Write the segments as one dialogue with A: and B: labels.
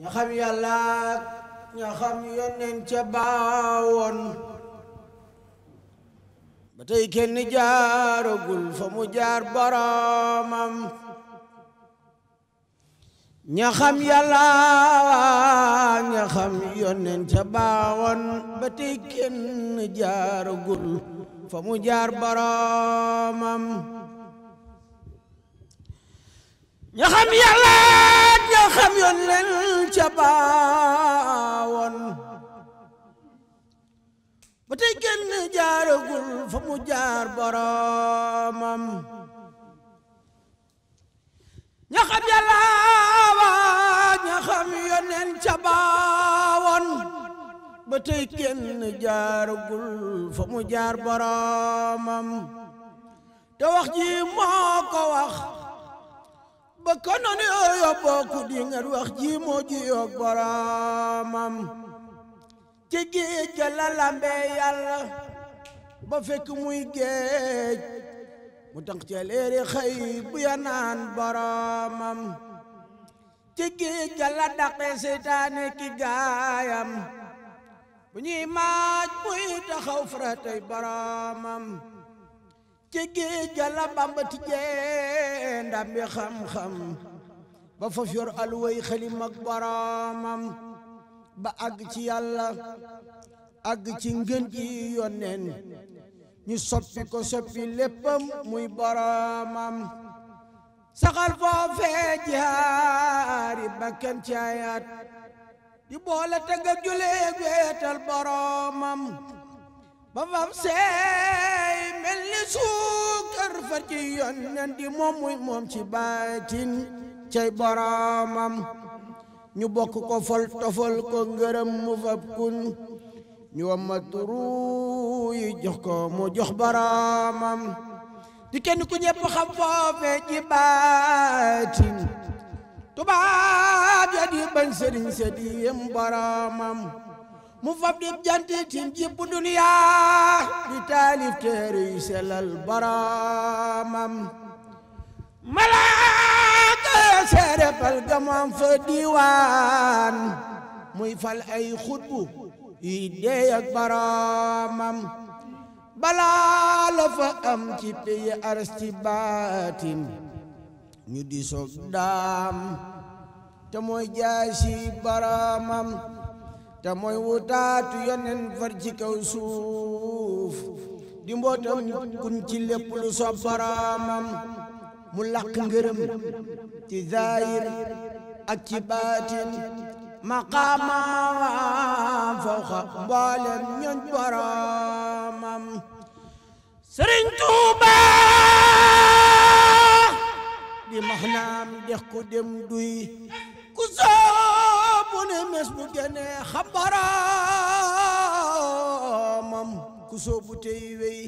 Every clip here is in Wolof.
A: ña xam yàlla ña xam ca baawoon ba tey kenn jaaragul fa mu jaar boroomam ñaxam xam yàlla ña xam ca baawoon ba tey kenn jaaragul fa mu jaar boroomam ña xam yoon leen ca baawoon ba tey fa mu jaar boromam ña xam yàlla wa ña xam yoon leen ca baawoon fa mu jaar boromam te wax ji moo wax ba konoon yooyo bokku di ngat wax ji moo yoog boroomam ci géej ga la lambee géej mu tànk ca leeri xëy bu ya boroomam ci géej daqee seytaane ki gaayam bu ñuy maaj buy taxaw faratay boroomam ci géej ga la tijjee ndam bi xam-xam ba faf yor alway xalim ak boroomam ba àgg ci yàlla àgg ci ngën ji yónneen ñu soppi ko soppi léppam muy boroomam saxal foofee jihaari bakkan ci ayaat di boole tëgg ak julee weetal boroomam ba fam see suukar far ci yonent yi moom moom ci baatin cay boroomam ñu bokk ko fol tofol ko ngërëm mu fab kun ñu wamaturu yi jox ko mu jox boroomam di kenn ku ñëpp xam foofe ci baatin tubaab ya bañ sëriñ sëdiyem boroomam mu fab dib jantitim jipp duniyaa di taalif téere yu selal boroomam malaaka seere pal gamam fa diiwaan muy fal ay xutbu yuy deey ak balaa la fa am ci pey arsti baatin ñu di soog daam te mooy jaasi boroomam te mooy wutaatu yonen far ci kaw di mbootam kun ci lépp lu soob boroomam mu làq ngërëm ci zaahir ak ci baatin maqaama fawqa mboolem ñoñ boroomam Sëriñ Tuuba di maxnaam dex ko dem duy ku ne mes bu gene xabaramam ku soobu tey wey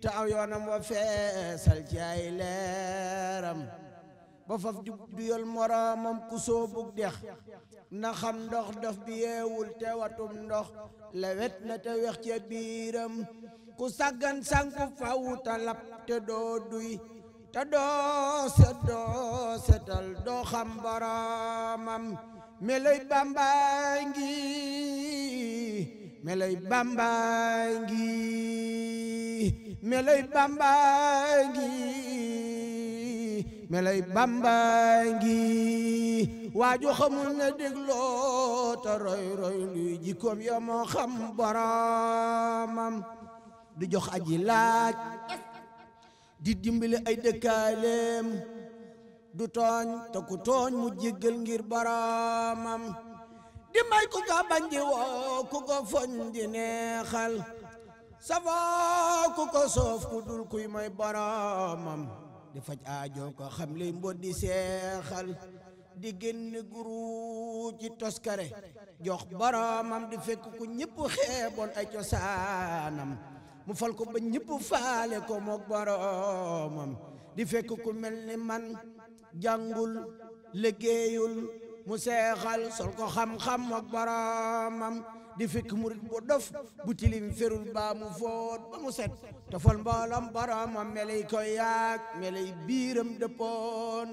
A: te aw yoonam wa feesal ci ay leeram ba faf jub du ku soobug dex na xam ndox dof bi te watum ndox lewet na te wex ca biiram ku saggan sanku fawu ta te doo duy te doo set doo setal doo xam melay bambaa ngi melay bambaa ngi melay bambaa ngi melay waaju xamul na dégloo te roy roy luy jikkoom ya moo xam boromam di jox aji laaj di dimbali ay dëkkaaleem du tooñ te ku tooñ mu jéggal ngir baraamam di may ku ko bañ di woo ku ko ku dul kuy may baraamam di faj aajo ko xam lay mbot di seexal di génn guru ci toskare jox baraamam di fekk ku ñëpp xeeboon ay mu fal ko ba ñëpp faale ko mook boroomam di fekk ku mel ni man jàngul liggéeyul mu seexal sol ko xam-xam ak boroomam di fikk murit bu dof bu tilim ferul baa mu foot ba mu set tofal mboolam boroomam meley ko yaag meley biiram dëppoo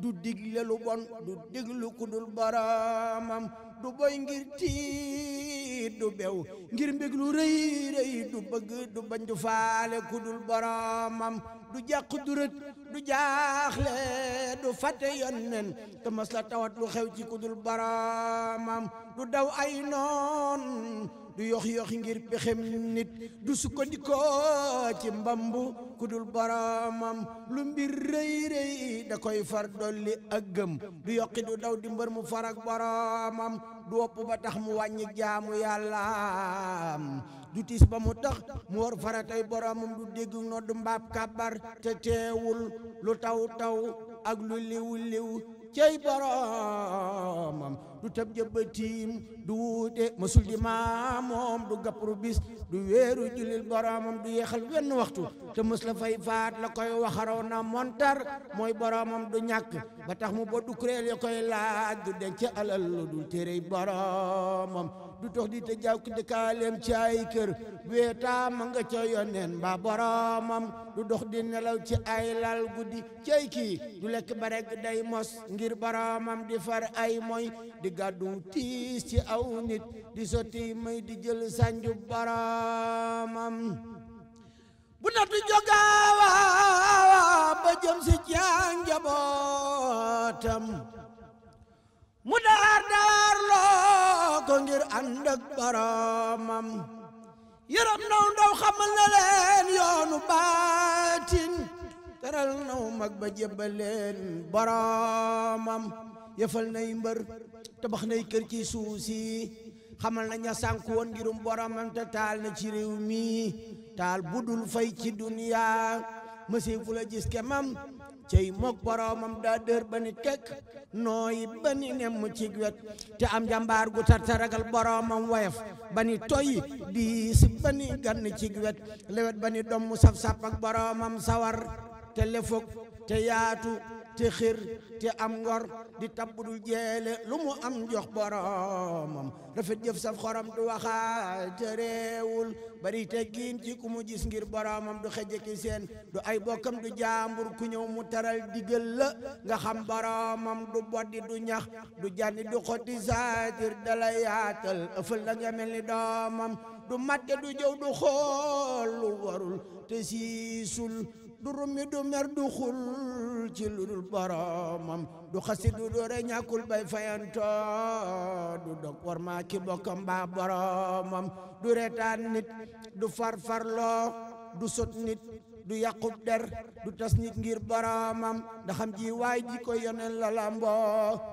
A: du digle lu bon du diglu ku dul boroomam du boy ngir tiit du bew ngir mbég lu rëy du bëgg du bañ du faale ku dul du jàq du rët du jaaxle du fàtte yonnen te mas la tawat lu xew ci kudul baraamam du daw ay noon du yox yox ngir pexem nit du sukkandikoo ci mbambu ku dul boroomam lu mbir rëy rëy da koy far dolli ak gëm du yoqi du daw di mbër mu farak boroomam du wopp ba tax mu wàññi jaamu yàllaam du tiis ba mu tax mu war faratay boroomam du dégg nodd mbaab kàbbar te teewul lu taw taw ak lu liw liw cey boroomam du tëb jëbbatiim du wuute mësul di maamoom du gappru bis du wéeru julil boroomam du yeexal wenn waxtu te mës la fay faat la koy waxaroo montar mooy boroomam du ñàkk ba tax mu ba du kuréel ya koy laaj du denc alal lu dul téerey boroomam du tox di te jàw ki dëkkaaleem ci ay kër weetaa ma nga ca yoneen mbaa boroomam du dox di nelaw ci ay lal guddi cey kii du lekk ba rekk day mos ngir baraamam di far ay moy di gàddu tiis ci aw nit di sotti may di jël sanju baraamam bu natu jogaawa ba jëm si caan njabootam mu daar daar loo ko ngir ànd ak baraamam yaram ndaw ndaw xamal na leen yoonu baatin teral naw mag ba jébbaleen boroomam yëfal nay mbër tabax nay kër ci suuf si xamal na ña sànku woon ngirum boromam te taal na ci réew mi taal bu dul fay ci duniya mësi fu la gis ke mam cey daa dër ba ni tekk nooyi ba ni nemm ci wet te am jàmbaar gu tar te ragal boromam woyof ba ni toy diis ba ni gann ci wet lewet ba ni domm saf-sàpp ak boromam sawar te lefog te yaatu te xir te am ngor di tabbudul jeele lu mu am jox boromam rafet jëf saf xoram du waxa te réewul bari giin ci ku mu gis ngir boromam du ki sen du ay bokam du jaambur ku ñew mu taral digel la nga xam boromam du boddi du ñax du janni du xoti zaatir dala yaatal ëfal la nga melni domam du matte du jew du xol lu warul te sisul du rummi du mer du xul ci lu boromam du xasi du doore ñàkkul bay fayanto du dog war maa ki bokkam boromam du retaan nit du farfarloo du sot nit du yàqub der du tas nit ngir boromam ndaxam ji waay ji yonen la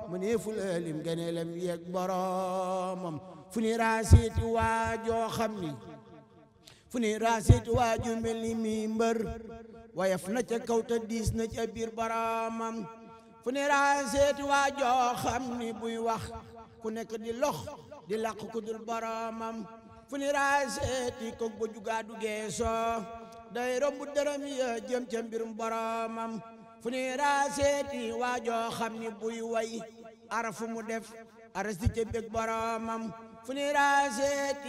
A: mu ne fu lëlim gëneelam boromam fu ni raasiiti waajoo xam ni fu ni raasit waaju mel ni mi mbër na ca kaw te na ca biir baraamam fu ni raasit waajoo ni buy wax ku nekk di lox di làq ku dul baraamam fu ni raasit yi koog day romb dërëm ya jëm ca mbirum baraamam fu ni raasit ni buy way arafu mu def aras di ca bég baraamam fu ni raasit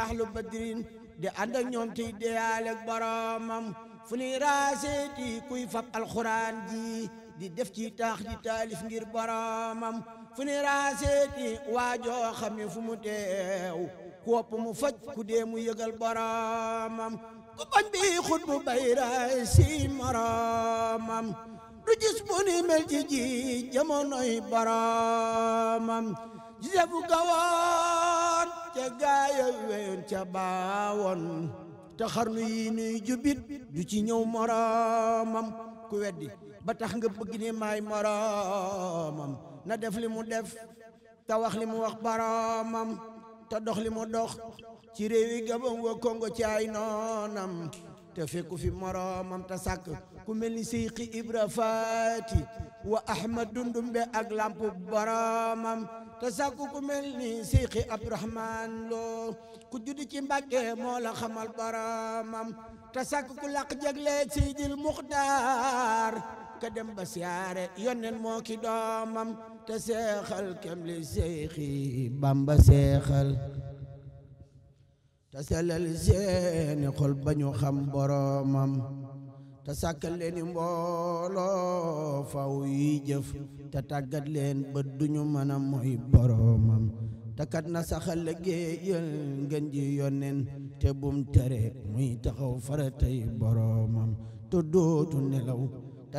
A: ahlu badrin di ànd ñoom tey deyaale ak boroomam fu ñuy raaseeti kuy fab alxuraan ji di def ci taax di taalif ngir boroomam fu ñuy raaseeti waajoo xam ne fu mu teew ku wopp mu faj ku dee mu yëgal boroomam ku bañ bi xut bu bay raay si moroomam du gis ni mel ji jamonoy boroomam ji bu ca gaaya weyoon ca baawoon te xarnu yi nuy jubit du ci ñëw moroomam ku weddi ba tax nga bëgg ni maay moroomam na def li mu def te wax li mu wax boroomam te dox li mu dox ci réewi gabon wa kongo ci noonam te fekku fi moroomam te sàkk ku mel ni seyxi ibra faati wa ahmad dundumbe ak lampu boroomam te sàkk ku mel ni seyxi abdourahman loo ku judd ci mbàkke moo la xamal boroomam te sàkk ku làq jagleeg seydil muxtaar ka dem ba siyaare yonnen moo ki doomam te seexal kem li seyxi bamba seexal te sellal seeni xol ba ñu xam boroomam te sàkkal leeni mbooloo faw yi jëf te tàggat leen ba duñu mën a mooy boroomam te kat na saxal liggéeyal ngeen ji yónneen te bum muy taxaw faratay boroomam te nelaw te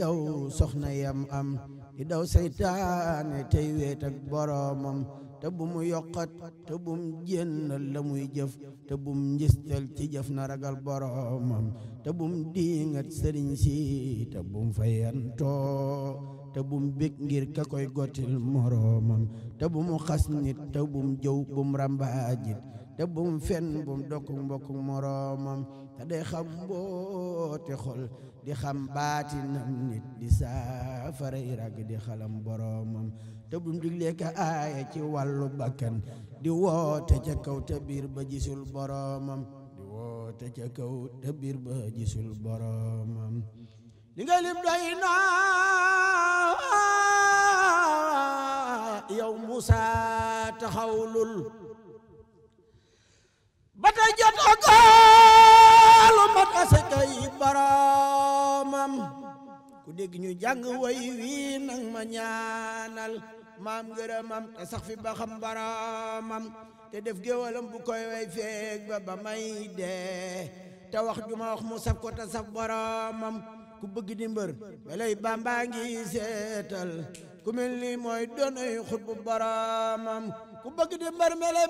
A: daw soxna yam am di daw seytaane tey weet ak boroomam te bu mu yokkat te bu mu jénnal la muy jëf te bu mu njistal ci jëf na ragal boroomam te bu mu diingat sëriñ si te bumu mu fayantoo te bu bik ngir ka koy gotil moroomam te bu mu xas nit te bu jëw bu mu ràmbaajit te bu mu fenn bu mu dokku te day xam mbooti xol di xam baatinam nit di saafara i rag di xalam boroomam te bum diglee ka aaya ci wàllu bakkan di woote ca kaw te biir ba jisul boroomam di woote ca kaw te biir ba gisul boroomam li lim doy na yow Musaa taxawlul ku dégg ñu jàng way wii nang ma ñaanal maam ngërëmam te sax fi ba xam te def géwalam bu koy way feeg ba ba may dee te wax ju wax mu saf ko te saf baraamam ku bëgg di mbër melay ngi seetal ku mel ni mooy doonay xutbu boroomam ku bëgg di mbër melay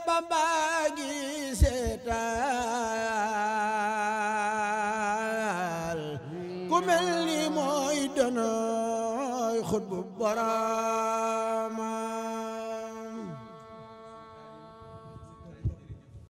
A: seetal من اللي ما يدنا يخد ببرامه